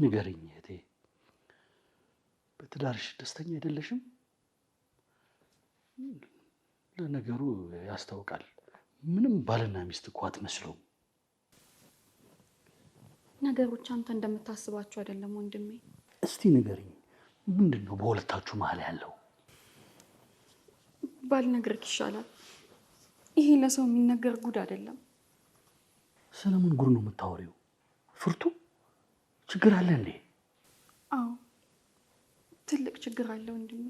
ንገርኝ እህቴ፣ በትዳርሽ ደስተኛ አይደለሽም? ለነገሩ ያስታውቃል። ምንም ባልና ሚስት እኮ አትመስሉም። ነገሮች አንተ እንደምታስባቸው አይደለም ወንድሜ። እስቲ ንገርኝ፣ ምንድን ነው በሁለታችሁ መሀል ያለው? ባልነግርክ ይሻላል። ይሄ ለሰው የሚነገር ጉድ አይደለም። ስለምን ጉድ ነው የምታወሪው? ፍርቱ ችግር አለ እንዴ? አዎ ትልቅ ችግር አለ ወንድሜ።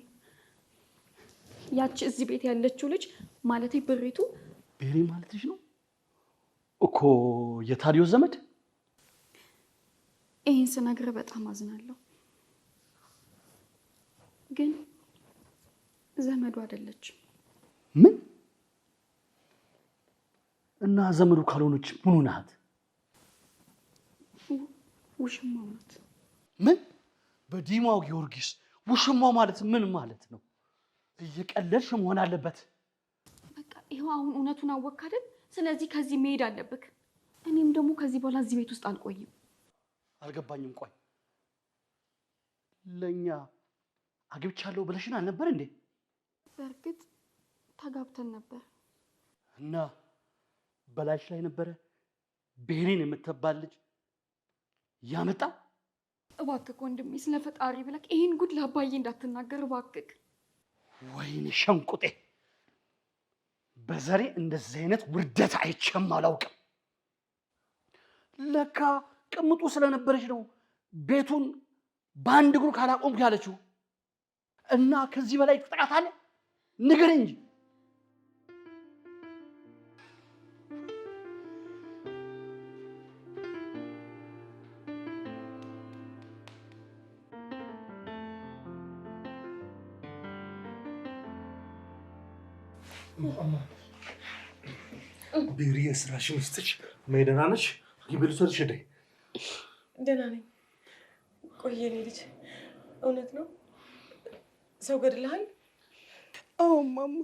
ያቺ እዚህ ቤት ያለችው ልጅ ማለቴ ብሬቱ። ቤሬ ማለትሽ ነው እኮ የታዲዮ ዘመድ። ይህን ስነግር በጣም አዝናለሁ፣ ግን ዘመዱ አይደለችም። ምን እና ዘመዱ ካልሆነች ምኑ ናት? ውሽማ ናት። ምን በዲማው ጊዮርጊስ ውሽማው ማለት ምን ማለት ነው? እየቀለድሽ መሆን አለበት። በቃ ይኸው አሁን እውነቱን አወቅክ አይደል? ስለዚህ ከዚህ መሄድ አለብክ። እኔም ደግሞ ከዚህ በኋላ እዚህ ቤት ውስጥ አልቆይም። አልገባኝም። ቆይ ለእኛ አግብቻለሁ ብለሽን አልነበር እንዴ? በእርግጥ ተጋብተን ነበር እና በላይሽ ላይ ነበረ ቤሪን የምትባል ልጅ ያመጣ። እባክክ ወንድሜ ስለ ፈጣሪ ብለክ ይህን ጉድ ለአባዬ እንዳትናገር እባክክ። ወይኔ ሸንቁጤ፣ በዘሬ እንደዚህ አይነት ውርደት አይቼም አላውቅም። ለካ ቅምጡ ስለነበረች ነው ቤቱን በአንድ እግሩ ካላቆምኩ ያለችው። እና ከዚህ በላይ ጥቃት አለ? ንገር እንጂ ብሔርዬ ስራሽን ይስጥሽ። እማዬ ደህና ነሽ? ሐኪም ቤት ደህና ነኝ። ቆይ የእኔ ልጅ እውነት ነው ሰው ገድልሃል? አዎ እማማ፣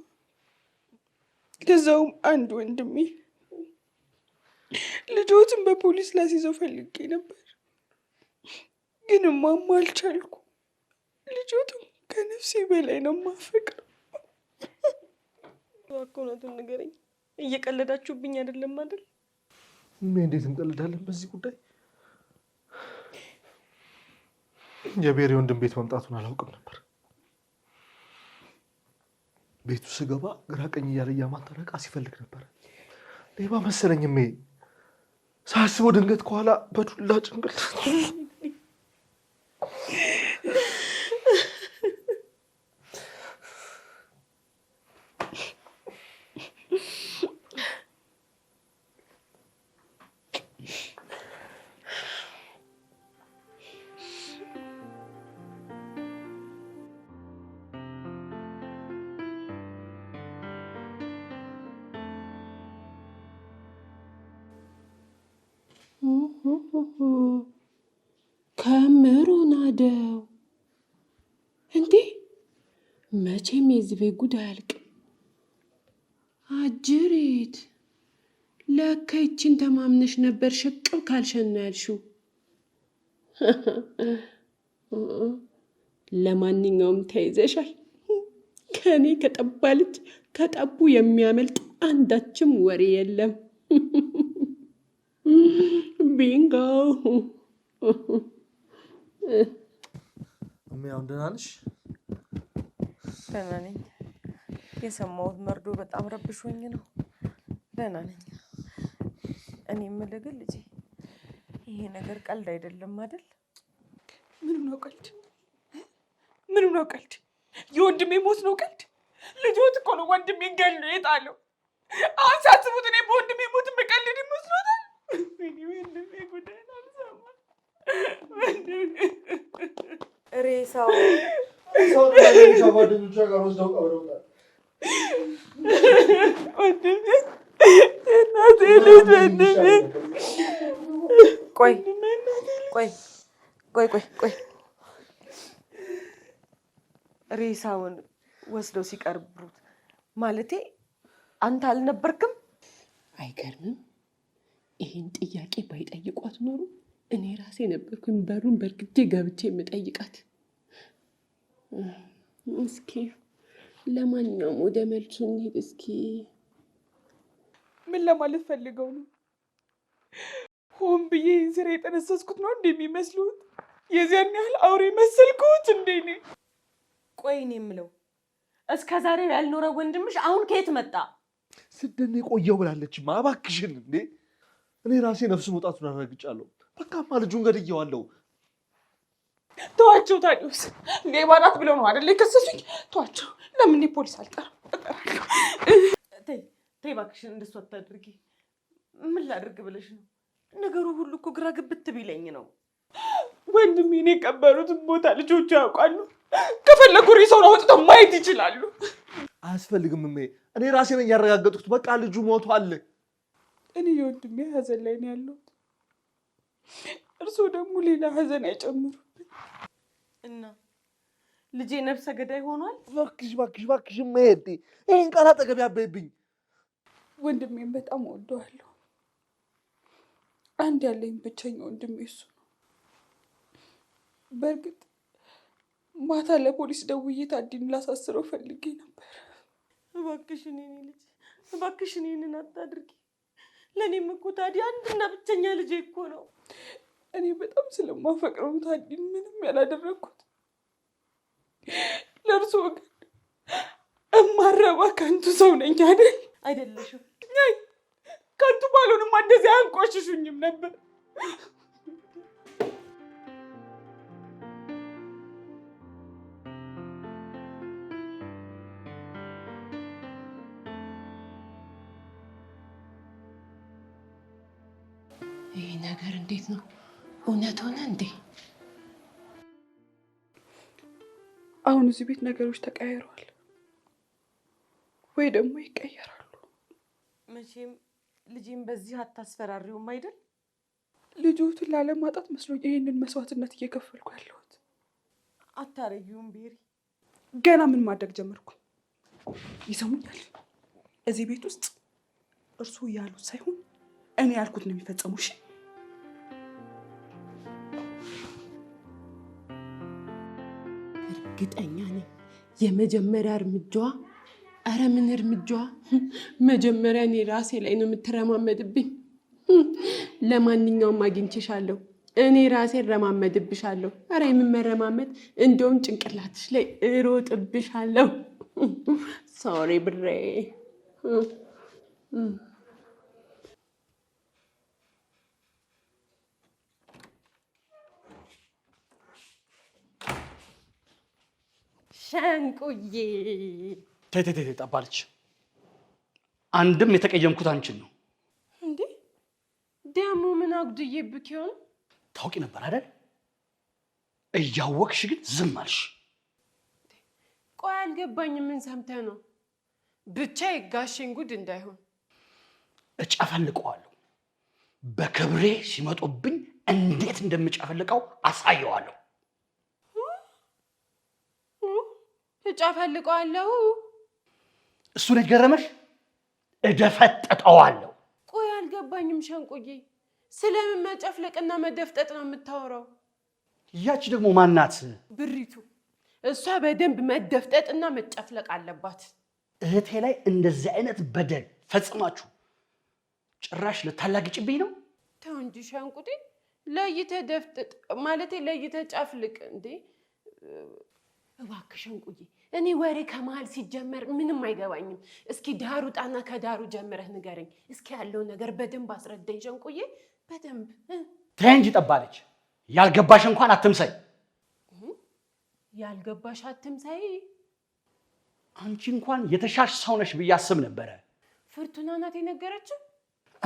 ከዛውም አንድ ወንድሜ። ልጆትን በፖሊስ ላስይዘው ፈልጌ ነበር፣ ግን እማማ አልቻልኩ። ልጆቱም ከነፍሴ በላይ ነው ማፈቅ። እባክህ እውነቱን ንገረኝ። እየቀለዳችሁብኝ አይደለም አይደል? እንዴት እንቀልዳለን በዚህ ጉዳይ? የቤሬ የወንድም ቤት መምጣቱን አላውቅም ነበር። ቤቱ ስገባ ግራ ቀኝ እያለ እያማተረ ሲፈልግ ነበረ። ሌባ መሰለኝ። ሳስበው ድንገት ከኋላ በዱላ ጭንቅል። እንደው እንዴ! መቼም የዚህ ቤት ጉድ አያልቅም። አጅሬት ለካ ይችን ተማምነሽ ነበር ሽቅብ ካልሸና ያልሽው። ለማንኛውም ተይዘሻል። ከእኔ ከጠባ ልጅ ከጠቡ የሚያመልጥ አንዳችም ወሬ የለም። ቢንጋው እሚ አሁን ደህና ነሽ? ደህና ነኝ። የሰማሁት መርዶ በጣም ረብሾኝ ነው። ደህና ነኝ። እኔ የምልህ ግን ልጄ ይሄ ነገር ቀልድ አይደለም አይደል? ምኑ ነው ቀልድ፣ ምንም ነው ቀልድ። የወንድሜ ሞት ነው ቀልድ። ልጆት እኮ ነው ወንድሜ ገሎ የጣለው። አሁን ሳስቡት እኔ በወንድሜ ሞት የምቀልድ ይመስሎታል? ወንድሜ ጉዳይ አልሰማም ሬሳው ጓደኞቿ ጋር ወስደው ቀብረውታል። እናቴ ልጅ ወንድሜ፣ ቆይ ቆይ ቆይ ቆይ ቆይ ሬሳውን ወስደው ሲቀርብሩት ማለቴ አንተ አልነበርክም? አይገርምም? ይህን ጥያቄ ባይጠይቋት ኖሩ እኔ ራሴ ነበርኩኝ በሩን በእርግዴ ገብቼ የምጠይቃት። እስኪ ለማንኛውም ወደ መልሱ እንሂድ። እስኪ ምን ለማለት ፈልገው ነው? ሆን ብዬ ይህን ስራ የጠነሰስኩት ነው እንደ የሚመስሉት? የዚያን ያህል አውሬ መሰልኩት እንዴ? እኔ የምለው እስከ ዛሬ ያልኖረ ወንድምሽ አሁን ከየት መጣ? ስደኔ ቆየው ብላለች። ማባክሽን እንዴ! እኔ ራሴ ነፍስ መውጣቱን አረጋግጫለሁ። በቃማ ልጁን ገድዬዋለሁ። ተዋቸው ታዲዮስ፣ ሌባ ናት ብለው ነው አይደል የከሰሱኝ? ተዋቸው። ለምን ፖሊስ አልጠራም? ተይ ተይ እባክሽን፣ እንደሱ አታድርጊ። ምን ላድርግ ብለሽ ነው? ነገሩ ሁሉ እኮ ግራ ግብት ቢለኝ ነው። ወንድሜን የቀበሩትን ቦታ ልጆቹ ያውቃሉ። ከፈለጉ ሬሳውን አውጥተው ማየት ይችላሉ። አያስፈልግም እሜ፣ እኔ ራሴ ነኝ ያረጋገጥኩት። በቃ ልጁ ሞቷል። እኔ የወንድሜ ሀዘን ላይ ነው ያለሁት እርስዎ ደግሞ ሌላ ሀዘን አይጨምሩብን እና ልጄ ነፍሰ ገዳይ ሆኗል። እባክሽ እባክሽ እባክሽ መሄድ ይህን ቃል አጠገብ ያበይብኝ። ወንድሜን በጣም ወደዋለሁ። አንድ ያለኝ ብቸኛ ወንድሜ እሱ ነው። በእርግጥ ማታ ለፖሊስ ደውዬ ታዲን ላሳስረው ፈልጌ ነበር። እባክሽን የኔ ልጅ እባክሽን ይህንን አታድርጊ። ለእኔም እኮ ታዲ አንድና ብቸኛ ልጄ እኮ ነው። እኔ በጣም ስለማፈቅረው ታዲ ምንም ያላደረግኩት ለእርሶ ግን እማረባ ከንቱ ሰው ነኝ አይደል? አይደለሽም። ከንቱ ባልሆንማ እንደዚህ አንቆሽሹኝም ነበር። ነው። እውነት ሆነ እንዴ? አሁን እዚህ ቤት ነገሮች ተቀያይረዋል ወይ ደግሞ ይቀየራሉ። መቼም ልጅም በዚህ አታስፈራሪውም አይደል? ልጆትን ላለማጣት መስሎኝ ይህንን መስዋዕትነት እየከፈልኩ ያለሁት። አታረጊውም ቤሪ። ገና ምን ማድረግ ጀመርኩ? ይሰሙኛል። እዚህ ቤት ውስጥ እርሱ ያሉት ሳይሆን እኔ ያልኩት ነው የሚፈጸሙ። እሺ እርግጠኛ ነኝ የመጀመሪያ እርምጃዋ እረ ምን እርምጃዋ መጀመሪያ እኔ ራሴ ላይ ነው የምትረማመድብኝ። ለማንኛውም አግኝቼሻለሁ፣ እኔ ራሴ እረማመድብሻለሁ። ኧረ የምመረማመድ እንደውም ጭንቅላትሽ ላይ እሮጥብሻለሁ። ሶሪ ብሬ ሸንቁዬ ቴቴቴ ጠባለች። አንድም የተቀየምኩት አንቺን ነው። እንዴ ደግሞ ምን አጉድዬብክ ይሆን? ታውቂ ነበር አይደል? እያወቅሽ ግን ዝም አልሽ። ቆይ አልገባኝም። ምን ሰምተህ ነው? ብቻ የጋሼን ጉድ እንዳይሆን እጨፈልቀዋለሁ። በክብሬ ሲመጡብኝ እንዴት እንደምጨፈልቀው አሳየዋለሁ። እጨፈልቀዋለሁ። እሱ ልጅ ገረመሽ እደፈጠጠዋለሁ። ቆይ አልገባኝም ሸንቁዬ፣ ስለምን መጨፍለቅና መደፍጠጥ ነው የምታወራው? ያቺ ደግሞ ማናት? ብሪቱ። እሷ በደንብ መደፍጠጥና መጨፍለቅ አለባት። እህቴ ላይ እንደዚህ አይነት በደል ፈጽማችሁ ጭራሽ ልታላግጭብኝ ነው? ተው እንጂ ሸንቁጤ፣ ለይተህ ደፍጥጥ ማለቴ ለይተህ ጨፍልቅ እንዴ! እባክህ ሸንቁዬ እኔ ወሬ ከመሀል ሲጀመር ምንም አይገባኝም። እስኪ ዳሩ ጣና ከዳሩ ጀምረህ ንገረኝ። እስኪ ያለው ነገር በደንብ አስረዳኝ ሸንቁዬ፣ በደንብ ተይ እንጂ ጠባለች። ያልገባሽ እንኳን አትምሳይ፣ ያልገባሽ አትምሳይ። አንቺ እንኳን የተሻሽ ሰው ነሽ ብዬ አስብ ነበረ። ፍርቱና ናት የነገረችው።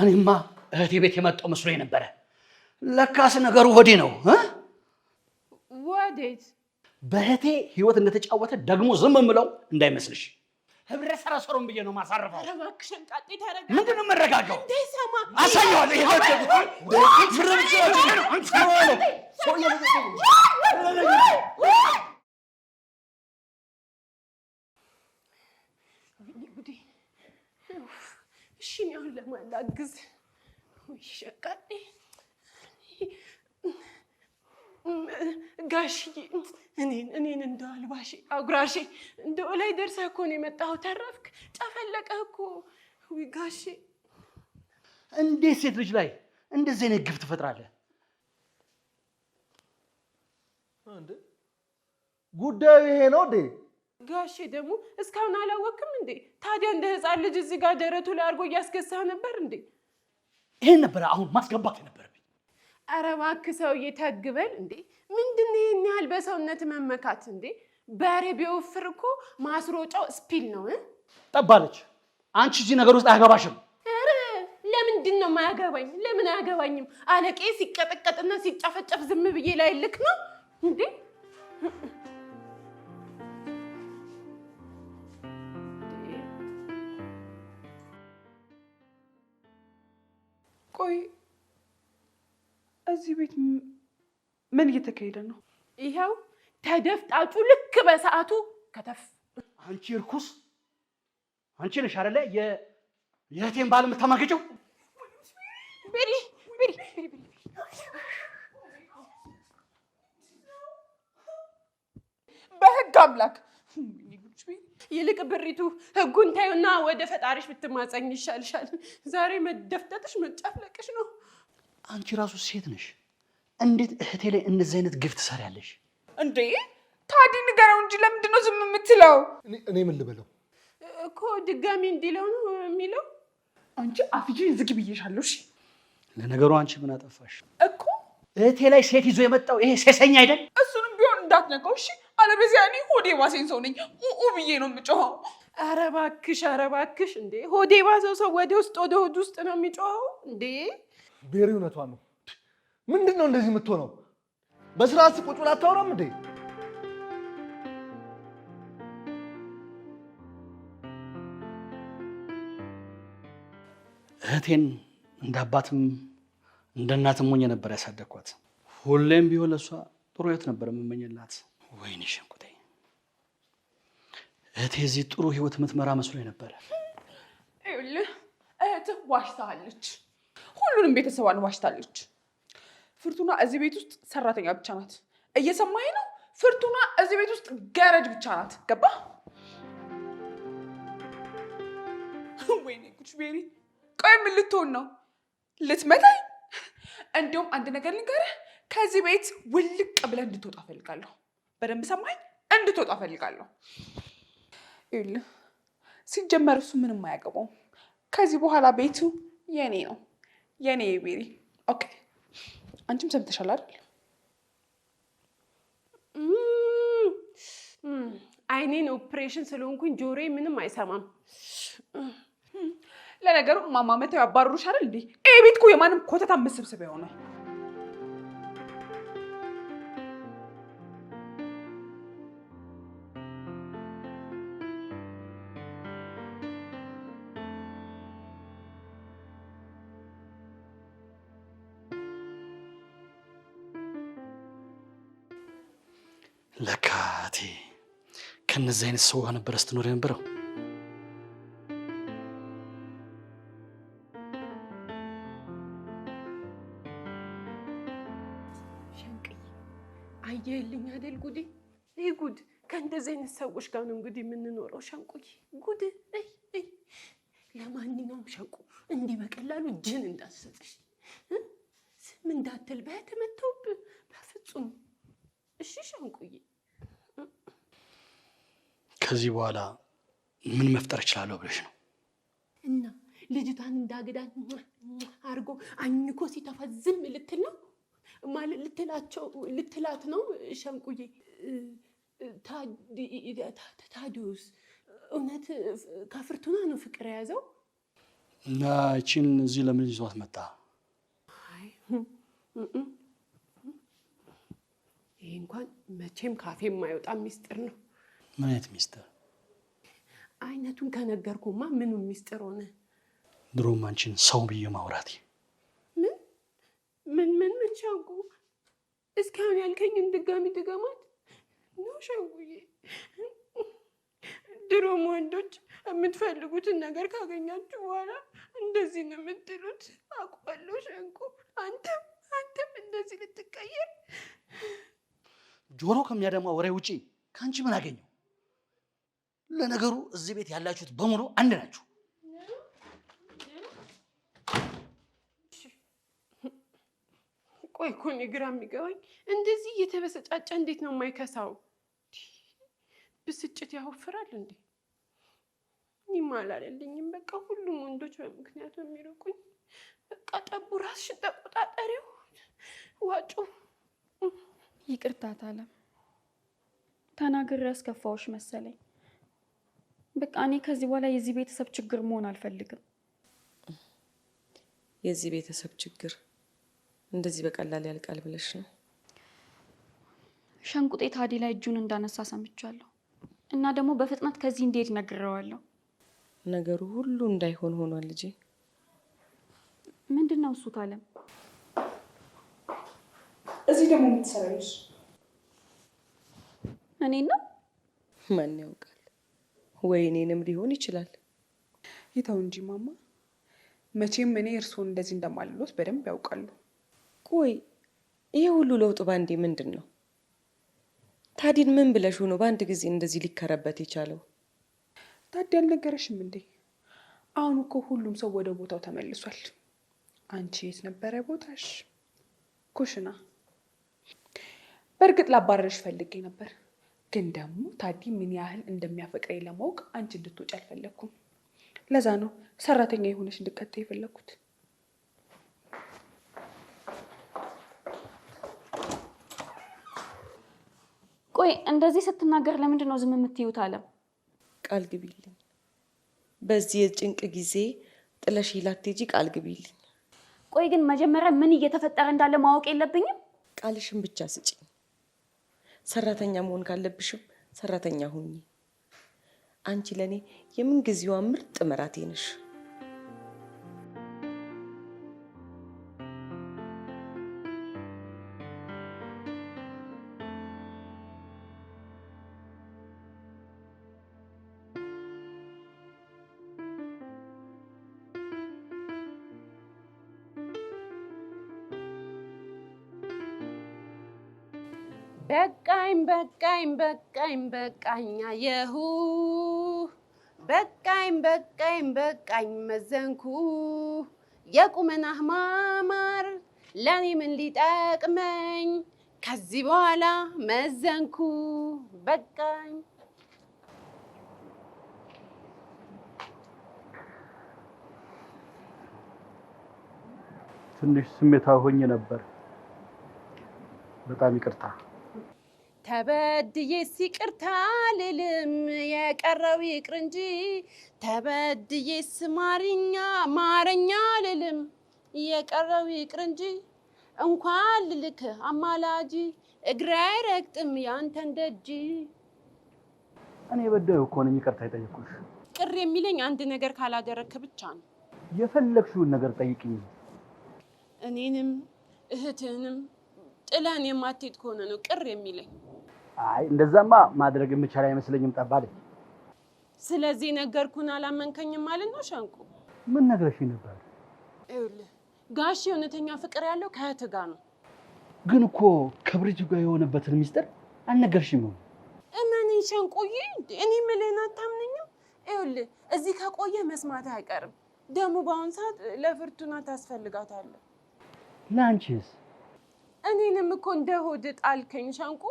እኔማ እህቴ ቤት የመጣው መስሎ ነበረ። ለካስ ነገሩ ወዴ ነው ወዴት በህቴ ህይወት እንደተጫወተ ደግሞ ዝም ምለው እንዳይመስልሽ። ህብረ ሰረሰሩን ብዬ ነው ማሳርፈው። ምንድን ነው የምንረጋገው? እሺ አሁን ለማላግዝ ጋሽዬ እኔን እኔን እንደው አልባሽ አጉራሽ እንደ ላይ ደርሳ እኮ ነው የመጣኸው። ተረፍክ፣ ጨፈለቀህ እኮ ጋሼ። እንዴት ሴት ልጅ ላይ እንደዚህ አይነት ግፍ ትፈጥራለህ? ጉዳዩ ይሄ ነው እንዴ? ጋሼ ደግሞ እስካሁን አላወቅም እንዴ? ታዲያ እንደ ህፃን ልጅ እዚህ ጋር ደረቱ ላይ አድርጎ እያስገሳህ ነበር እንዴ? ይሄን ነበረ አሁን ማስገባት ነበር አረ እባክህ ሰውዬ ተግ እንዴ! ምንድን ይህን ያህል በሰውነት መመካት እንዴ? በሬ ቢወፍር እኮ ማስሮጫው ስፒል ነው። ጠባለች፣ አንቺ እዚህ ነገር ውስጥ አያገባሽም። ኧረ ለምንድን ነው ማያገባኝ? ለምን አያገባኝም? አለቄ ሲቀጠቀጥና ሲጨፈጨፍ ዝም ብዬ ላይ ልክ ነው እንዴ? ቆይ እዚህ ቤት ምን እየተካሄደ ነው? ይኸው ተደፍጣጩ ልክ በሰዓቱ ከተፍ። አንቺ እርኩስ፣ አንቺ ነሽ አይደለ የእህቴን ባል የምታማግጪው? በህግ አምላክ ይልቅ ብሪቱ ህጉን ታዩና ወደ ፈጣሪሽ ብትማፀኝ ይሻልሻል። ዛሬ መደፍጠጥሽ መጨፍለቅሽ ነው። አንቺ ራሱ ሴት ነሽ። እንዴት እህቴ ላይ እንደዚህ አይነት ግፍ ትሰሪያለሽ? እንዴ ታዲ ንገረው እንጂ ለምንድን ነው ዝም የምትለው? እኔ ምን ልበለው እኮ ድጋሚ እንዲለው ነው የሚለው። አንቺ አፍጂ ዝግ ብዬሻለሁ። እሺ ለነገሩ አንቺ ምን አጠፋሽ እኮ እህቴ ላይ ሴት ይዞ የመጣው ይሄ ሴሰኛ አይደል? እሱንም ቢሆን እንዳትነቀው እሺ። አለበዚያ እኔ ሆዴ ባሴን ሰው ነኝ ኡ ብዬ ነው የምጮኸው። አረ እባክሽ፣ አረ እባክሽ። እንዴ ሆዴ ባሰው ሰው ወደ ውስጥ ወደ ሆድ ውስጥ ነው የሚጮኸው እንዴ ብሔራዊ እውነቷን ነው። ምንድን ነው እንደዚህ የምትሆነው? በስርዓት ቁጭ ብላ አታወራም እንዴ? እህቴን እንደ አባትም እንደ እናትም ሆኜ ነበር ያሳደግኳት። ሁሌም ቢሆን ለእሷ ጥሩ ህይወት ነበር የምመኝላት። ወይኔ ሸንቁጤ እህቴ እዚህ ጥሩ ህይወት የምትመራ መስሎ ነበረ። ይኸውልህ እህትህ ዋሽታለች። ሁሉንም ቤተሰቧን ዋሽታለች። ፍርቱና እዚህ ቤት ውስጥ ሰራተኛ ብቻ ናት። እየሰማኸኝ ነው? ፍርቱና እዚህ ቤት ውስጥ ገረድ ብቻ ናት። ገባ? ወይኔ ጉች ቤሪ፣ ቆይ ምን ልትሆን ነው? ልትመታኝ? እንዲሁም አንድ ነገር ልንገርህ፣ ከዚህ ቤት ውልቅ ብለህ እንድትወጣ ፈልጋለሁ። በደንብ ሰማኝ፣ እንድትወጣ ፈልጋለሁ። ይኸውልህ ሲጀመር እሱ ምንም አያገባውም። ከዚህ በኋላ ቤቱ የኔ ነው። የኔ ቢሪ። ኦኬ። አንቺም ሰምተሻል አይደል? አይኔን ኦፕሬሽን ስለሆንኩኝ ጆሬ ምንም አይሰማም። ለነገሩ ማማመተው ያባርሩሻል እንዴ? ይህ ቤት እኮ የማንም ኮተታ ምስብስብ የሆነ ለካቴ ከነዚህ አይነት ሰው ነበረ ስትኖር የነበረው። ሸንቅዬ አየህልኝ አይደል? ጉዴ ይህ ጉድ ከእንደዚህ አይነት ሰዎች ጋር ነው እንግዲህ የምንኖረው። ሸንቁዬ ጉድ። ለማንኛውም ሸንቁ እንዲህ በቀላሉ ጅን እንዳሰጥሽ ከዚህ በኋላ ምን መፍጠር እችላለሁ ብለሽ ነው? እና ልጅቷን እንዳግዳን አድርጎ አኝኮ ሲተፋ ዝም ልትል ነው ማለት ልትላቸው ልትላት ነው? ሸንቁዬ ታዲዩስ እውነት ከፍርቱና ነው ፍቅር የያዘው? እና ይቺን እዚህ ለምን ይዟት መጣ? ይህ እንኳን መቼም ካፌ የማይወጣ ሚስጥር ነው። ምን አይነት ሚስጥር? አይነቱን ከነገርኩማ ምኑ ሚስጥር ሆነ? ድሮም አንቺን ሰው ብዬ ማውራት ምን ምን ምን ምን ሻንቁ እስካሁን ያልከኝን ድጋሚ ድገማት ነው ሸጉዬ። ድሮም ወንዶች የምትፈልጉትን ነገር ካገኛችሁ በኋላ እንደዚህ ነው የምትሉት። አውቃለሁ ሸንቁ፣ አንተም አንተም እንደዚህ ልትቀየር። ጆሮ ከሚያደማ ወሬ ውጪ ከአንቺ ምን አገኘው? ለነገሩ እዚህ ቤት ያላችሁት በሙሉ አንድ ናችሁ። ቆይ እኮ እኔ ግራ የሚገባኝ እንደዚህ እየተበሰጫጨ እንዴት ነው የማይከሳው? ብስጭት ያወፍራል እንዴ? እኔማ አላለልኝም። በቃ ሁሉም ወንዶች ነው የሚርቁኝ። በቃ ጠቡ ራስሽን ተቆጣጠሪው። ዋጩ ይቅርታ፣ አታለም ተናግሬ ያስከፋዎች መሰለኝ። በቃ እኔ ከዚህ በኋላ የዚህ ቤተሰብ ችግር መሆን አልፈልግም። የዚህ ቤተሰብ ችግር እንደዚህ በቀላል ያልቃል ብለሽ ነው? ሸንቁጤ ታዲ ላይ እጁን እንዳነሳ ሰምቻለሁ እና ደግሞ በፍጥነት ከዚህ እንዴት ነግረዋለሁ። ነገሩ ሁሉ እንዳይሆን ሆኗል ልጄ። ምንድን ነው እሱ? ታለም እዚህ ደግሞ የምትሰራለሽ እኔ ነው ማን ያውቃል ወይ እኔንም ሊሆን ይችላል። ይተው እንጂ ማማ፣ መቼም እኔ እርስዎን እንደዚህ እንደማልሎት በደንብ ያውቃሉ። ቆይ ይሄ ሁሉ ለውጥ ባንዴ ምንድን ነው? ታዲን ምን ብለሽ ሆኖ በአንድ ጊዜ እንደዚህ ሊከረበት የቻለው? ታዲ አልነገረሽም እንዴ? አሁን እኮ ሁሉም ሰው ወደ ቦታው ተመልሷል። አንቺ የት ነበረ ቦታሽ? ኩሽና። በእርግጥ ላባረርሽ ፈልጌ ነበር ግን ደግሞ ታዲ ምን ያህል እንደሚያፈቅረኝ ለማወቅ አንቺ እንድትወጪ አልፈለግኩም። ለዛ ነው ሰራተኛ የሆነች እንድቀጥል የፈለግኩት። ቆይ እንደዚህ ስትናገር ለምንድን ነው ዝም የምትዩት? አለም ቃል ግቢልኝ። በዚህ የጭንቅ ጊዜ ጥለሽ ላትሄጂ ቃል ግቢልኝ። ቆይ ግን መጀመሪያ ምን እየተፈጠረ እንዳለ ማወቅ የለብኝም? ቃልሽን ብቻ ስጭኝ። ሰራተኛ መሆን ካለብሽም ሰራተኛ ሁኚ። አንቺ ለእኔ የምንጊዜዋ ምርጥ መራቴ ነሽ። በቃኝ በቃኝ በቃኝ በቃኛ የሁ በቃኝ በቃኝ በቃኝ መዘንኩ የቁመን ማማር ለኔ ምን ሊጠቅመኝ ከዚህ በኋላ መዘንኩ በቃኝ። ትንሽ ስሜታ ሆኜ ነበር። በጣም ይቅርታ። ተበድዬስ ይቅርታ ልልም የቀረው ይቅር እንጂ ተበድዬስ ማርኛ ማረኛ ልልም የቀረው ይቅር እንጂ እንኳን ልልክ አማላጂ እግሬ አይረግጥም ያንተን ደጅ። እኔ በዳዩ እኮ ነኝ፣ ይቅርታ የጠየኩሽ። ቅር የሚለኝ አንድ ነገር ካላደረግክ ብቻ ነው። የፈለግሽውን ነገር ጠይቅኝ። እኔንም እህትህንም ጥለን የማትሄድ ከሆነ ነው ቅር የሚለኝ። አይ እንደዛማ ማድረግ የምቻል አይመስለኝም። ጠባል ስለዚህ ነገርኩን። አላመንከኝም ማለት ነው ሸንቁ? ምን ነግረሽኝ ነበር? ይኸውልህ ጋሽ እውነተኛ ፍቅር ያለው ከእህትህ ጋር ነው። ግን እኮ ከብርጅ ጋር የሆነበትን ሚስጥር አልነገርሽም። እመነኝ ሸንቁዬ፣ እኔ የምልህን አታምነኝም? ይኸውልህ እዚህ ከቆየ መስማት አይቀርም። ደግሞ በአሁን ሰዓት ለፍርቱና ታስፈልጋታለህ። ለአንቺስ? እኔንም እኮ እንደ ሆድ ጣልከኝ ሸንቁ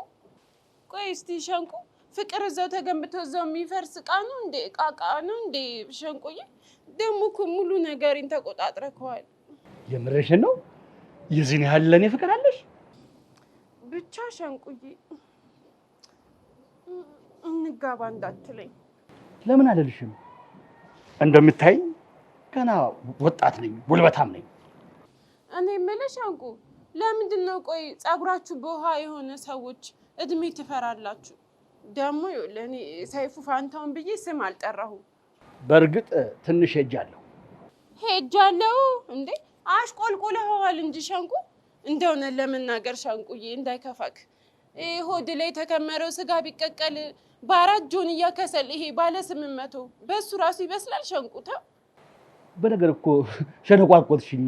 ቆይ እስቲ ሸንቁ ፍቅር እዛው ተገንብቶ እዛው የሚፈርስ እቃ ነው እንዴ? እቃ እቃ ነው እንዴ? ሸንቁዬ ደግሞ እኮ ሙሉ ነገሬን ተቆጣጥረ ከዋል። ነው? የዚህን ያህል ለእኔ ፍቅር አለሽ? ብቻ ሸንቁዬ እንጋባ እንዳትለኝ። ለምን አልልሽም? እንደምታይ ገና ወጣት ነኝ፣ ጉልበታም ነኝ። እኔ የምልሽ ሸንቁ፣ ለምንድን ነው ቆይ ፀጉራችሁ በውሃ የሆነ ሰዎች እድሜ ትፈራላችሁ። ደግሞ ለእኔ ሰይፉ ፋንታውን ብዬ ስም አልጠራሁም። በእርግጥ ትንሽ ሄጃለሁ ሄጃለሁ። እንዴ አሽቆልቁለኸዋል እንጂ ሸንቁ እንደሆነ ለመናገር ሸንቁዬ፣ እንዳይከፋክ ሆድ ላይ የተከመረው ስጋ ቢቀቀል በአራት ጆን እያከሰል ይሄ ባለ ስምንት መቶ በእሱ ራሱ ይበስላል። ሸንቁ ተው። በነገር እኮ ሸነቋቆትሽኝ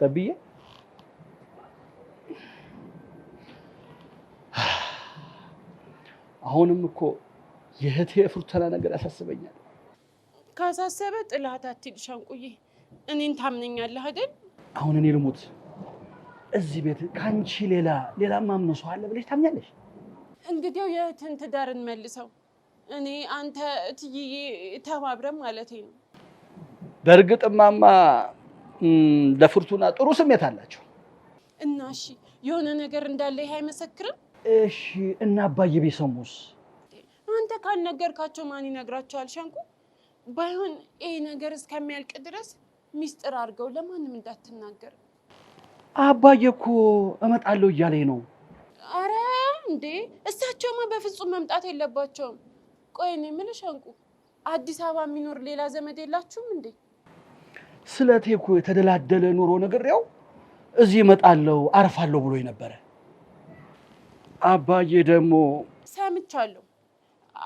ጠብዬ አሁንም እኮ የእህቴ የፍሩተና ነገር ያሳስበኛል። ካሳሰበ ጥላት አትሂድ ሸንቁዬ፣ እኔን ታምነኛለህ አይደል? አሁን እኔ ልሙት እዚህ ቤት ከአንቺ ሌላ ሌላ ማምነው ሰው አለ ብለሽ ታምኛለሽ? እንግዲያው የእህትን ትዳር እንመልሰው። እኔ አንተ እትዬ ተባብረን ማለት ነው። በእርግጥ ለፍርቱና ጥሩ ስሜት አላቸው እና እሺ፣ የሆነ ነገር እንዳለ ይህ አይመሰክርም እሺ እና አባዬ ቢሰሙስ? አንተ ካልነገርካቸው ማን ይነግራቸዋል? ሸንኩ ባይሆን ይሄ ነገር እስከሚያልቅ ድረስ ሚስጥር አድርገው ለማንም እንዳትናገር። አባዬ እኮ እመጣለሁ እያለኝ ነው። አረ እንዴ እሳቸውማ በፍጹም መምጣት የለባቸውም። ቆይ እኔ የምልህ ሸንቁ፣ አዲስ አበባ የሚኖር ሌላ ዘመድ የላችሁም እንዴ? ስለቴ እኮ የተደላደለ ኑሮ ነግሬው እዚህ እመጣለሁ አርፋለሁ ብሎኝ ነበረ አባዬ ደግሞ ሰምቻለሁ።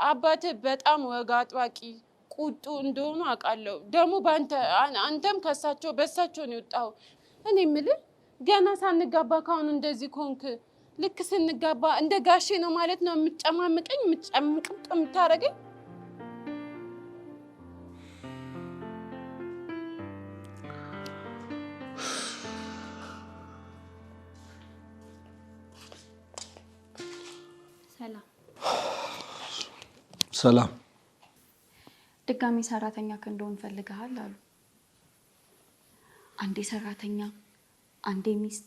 አባት በጣም ወግ አጥባቂ ቁጡ እንደሆኑ አውቃለሁ። ደግሞ አንተም ከሳቸው በሳቸው ነው የወጣው። እኔ የምልህ ገና ሳንጋባ ካሁን እንደዚህ ኮንክ፣ ልክ ስንጋባ እንደ ጋሼ ነው ማለት ነው የምትጨማምቀኝ የምትጨምቅም የምታደርገኝ። ሰላም። ድጋሚ ሰራተኛ ከእንደሆን ፈልገሃል አሉ። አንዴ ሰራተኛ፣ አንዴ ሚስት፣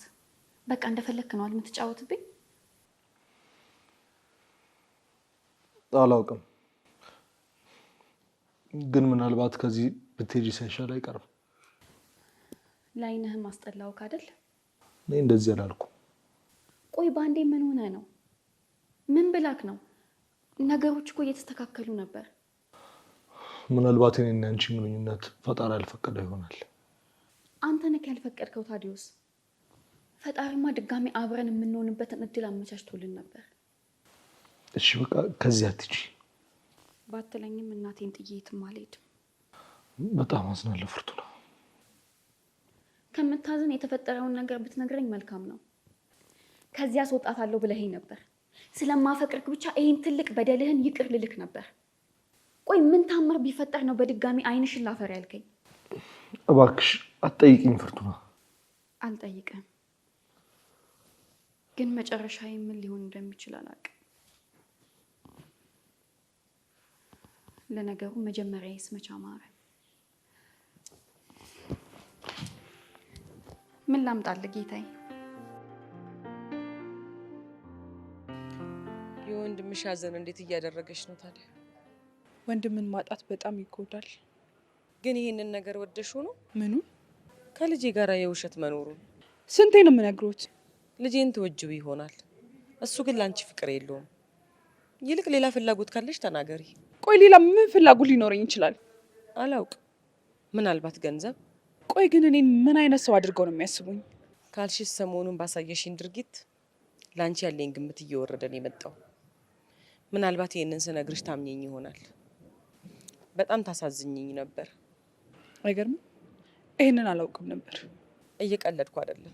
በቃ እንደፈለክ ነው የምትጫወትብኝ። አላውቅም፣ ግን ምናልባት ከዚህ ብትሄጂ ሳይሻል አይቀርም። ለአይንህም አስጠላውክ አይደል? እኔ እንደዚህ አላልኩም። ቆይ በአንዴ ምን ሆነ ነው? ምን ብላክ ነው? ነገሮች እኮ እየተስተካከሉ ነበር። ምናልባት እኔና አንቺ ግንኙነት ፈጣሪ ያልፈቀደው ይሆናል። አንተ ነህ ያልፈቀድከው። ታዲዮስ ፈጣሪማ ድጋሚ አብረን የምንሆንበትን እድል አመቻችቶልን ነበር። እሺ በቃ ከዚህ አትጂ ባትለኝም እናቴን ጥዬ የትም አልሄድም። በጣም አዝናለሁ ፍርቱና። ከምታዝን የተፈጠረውን ነገር ብትነግረኝ መልካም ነው። ከዚያ አለው ብለኸኝ ነበር። ስለማፈቅርክ ብቻ ይህን ትልቅ በደልህን ይቅር ልልክ ነበር። ቆይ ምን ታምር ቢፈጠር ነው በድጋሚ ዓይንሽን ላፈር ያልከኝ? እባክሽ አትጠይቅኝ ፍርቱና። አልጠይቅም፣ ግን መጨረሻ ምን ሊሆን እንደሚችል አላውቅም። ለነገሩ መጀመሪያ የስመቻ ማረ ምን ላምጣልህ ጌታዬ? ወንድምሽ ሐዘን እንዴት እያደረገች ነው ታዲያ? ወንድምን ማጣት በጣም ይጎዳል። ግን ይህንን ነገር ወደሽው ነው? ምኑ? ከልጄ ጋር የውሸት መኖሩን ስንቴ ነው የምነግሮት? ልጄን ትወጅብ ይሆናል። እሱ ግን ለአንቺ ፍቅር የለውም። ይልቅ ሌላ ፍላጎት ካለሽ ተናገሪ። ቆይ ሌላ ምን ፍላጎት ሊኖረኝ ይችላል? አላውቅ ምናልባት ገንዘብ። ቆይ ግን እኔን ምን አይነት ሰው አድርገው ነው የሚያስቡኝ? ካልሽስ ሰሞኑን ባሳየሽኝ ድርጊት ለአንቺ ያለኝ ግምት እየወረደ ነው የመጣው። ምናልባት ይህንን ስነግርሽ ታምኘኝ ይሆናል። በጣም ታሳዝኝኝ ነበር። አይገርም? ይህንን አላውቅም ነበር። እየቀለድኩ አይደለም።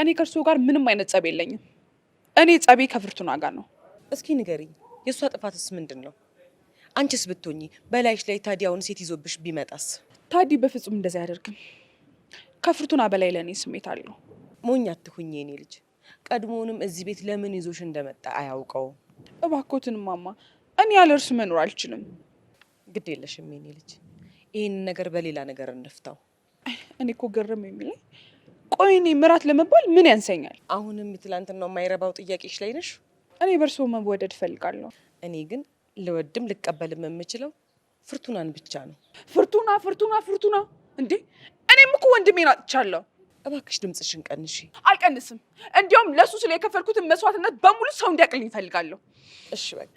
እኔ ከእርሶ ጋር ምንም አይነት ጸብ የለኝም። እኔ ጸቤ ከፍርቱና ጋር ነው። እስኪ ንገሪኝ፣ የእሷ ጥፋትስ ምንድን ነው? አንቺስ ብትሆኚ በላይሽ ላይ ታዲያውን ሴት ይዞብሽ ቢመጣስ? ታዲ በፍጹም እንደዚህ አያደርግም። ከፍርቱና በላይ ለእኔ ስሜት አለው። ሞኝ አትሁኝ የኔ ልጅ። ቀድሞውንም እዚህ ቤት ለምን ይዞሽ እንደመጣ አያውቀውም። እባኮትን ማማ፣ እኔ ያለ እርሱ መኖር አልችልም። ግድ የለሽም የኔ ልጅ፣ ይህን ነገር በሌላ ነገር እንፍታው። እኔ እኮ ገረም የሚለኝ ቆይ እኔ ምራት ለመባል ምን ያንሰኛል? አሁንም ትላንትናው የማይረባው ጥያቄሽ ላይ ነሽ። እኔ በእርስዎ መወደድ እፈልጋለሁ። እኔ ግን ልወድም ልቀበልም የምችለው ፍርቱናን ብቻ ነው። ፍርቱና ፍርቱና ፍርቱና! እንዴ እኔም እኮ ወንድሜን አጥቻለሁ። እባክሽ ድምፅሽን ቀንሺ። አልቀንስም። እንዲያውም ለሱ ስለ የከፈልኩትን መስዋዕትነት በሙሉ ሰው እንዲያውቅልኝ ይፈልጋለሁ እሺ በቃ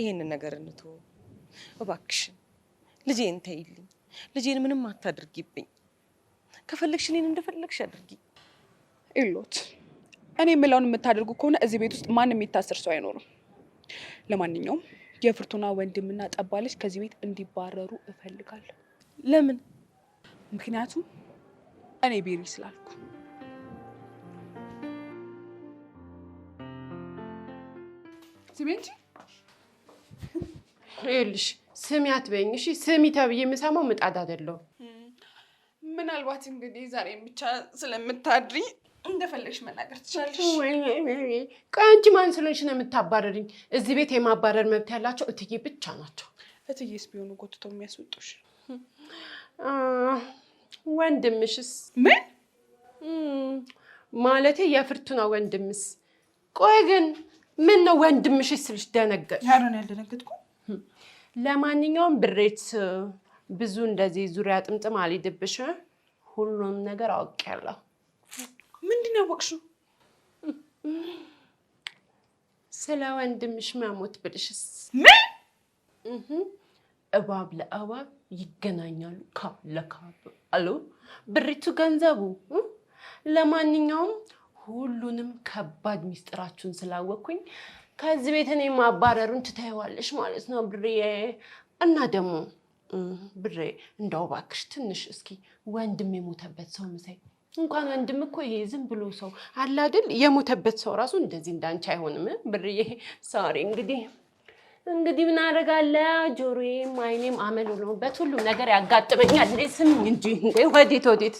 ይሄንን ነገር እንቶ እባክሽን ልጄን ተይልኝ። ልጄን ምንም አታድርጊብኝ። ከፈለግሽ እኔን እንደፈለግሽ አድርጊ። ይሎት እኔ የምለውን የምታደርጉ ከሆነ እዚህ ቤት ውስጥ ማንም የሚታስር ሰው አይኖርም። ለማንኛውም የፍርቱና ወንድምና ጠባለች ከዚህ ቤት እንዲባረሩ እፈልጋለሁ። ለምን? ምክንያቱም እኔ ቤሪ ስላልኩ ስሜ እንጂ ይኸውልሽ፣ ስሚ አትበይኝ። እሺ ስሚ ተብዬ የምሰማው ምጣድ አይደለሁም። ምናልባት እንግዲህ ዛሬ ብቻ ስለምታድሪ እንደፈለግሽ መናገር ትችላለሽ። ከአንቺ ማን ስለሆንሽ ነው የምታባረሪኝ? እዚህ ቤት የማባረር መብት ያላቸው እትዬ ብቻ ናቸው። እትዬስ ቢሆኑ ጎትተው የሚያስወጡሽ ወንድምሽስ? ምን ማለቴ የፍርቱና ወንድምስ? ቆይ ግን ምን ነው ወንድምሽ ስልሽ ደነገጥ? ኧረ ያልደነገጥኩ። ለማንኛውም ብሬት ብዙ እንደዚህ ዙሪያ ጥምጥም አልሄድብሽ። ሁሉም ነገር አውቄያለሁ። ምንድን ነው ያወቅሽው? ስለ ወንድምሽ መሞት ብልሽስ? ምን እባብ ለእባብ ይገናኛሉ ካብ ለካብ አሉ ብሪቱ ገንዘቡ። ለማንኛውም ሁሉንም ከባድ ሚስጥራችሁን ስላወቅኩኝ ከዚህ ቤት እኔ ማባረሩን ትታይዋለሽ ማለት ነው ብሬ። እና ደግሞ ብሬ እንደው እባክሽ ትንሽ እስኪ ወንድም የሞተበት ሰው ምሳይ እንኳን ወንድም እኮ ይሄ ዝም ብሎ ሰው አላድል የሞተበት ሰው ራሱ እንደዚህ እንዳንቺ አይሆንም ብርዬ። ሳሪ እንግዲህ እንግዲህ ምን አደርጋለሁ? ጆሮዬም አይኔም አመል ሆኖበት ሁሉም ነገር ያጋጥመኛል። ስም እንጂ ወዴት ወዴት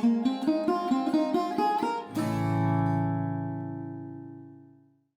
thank you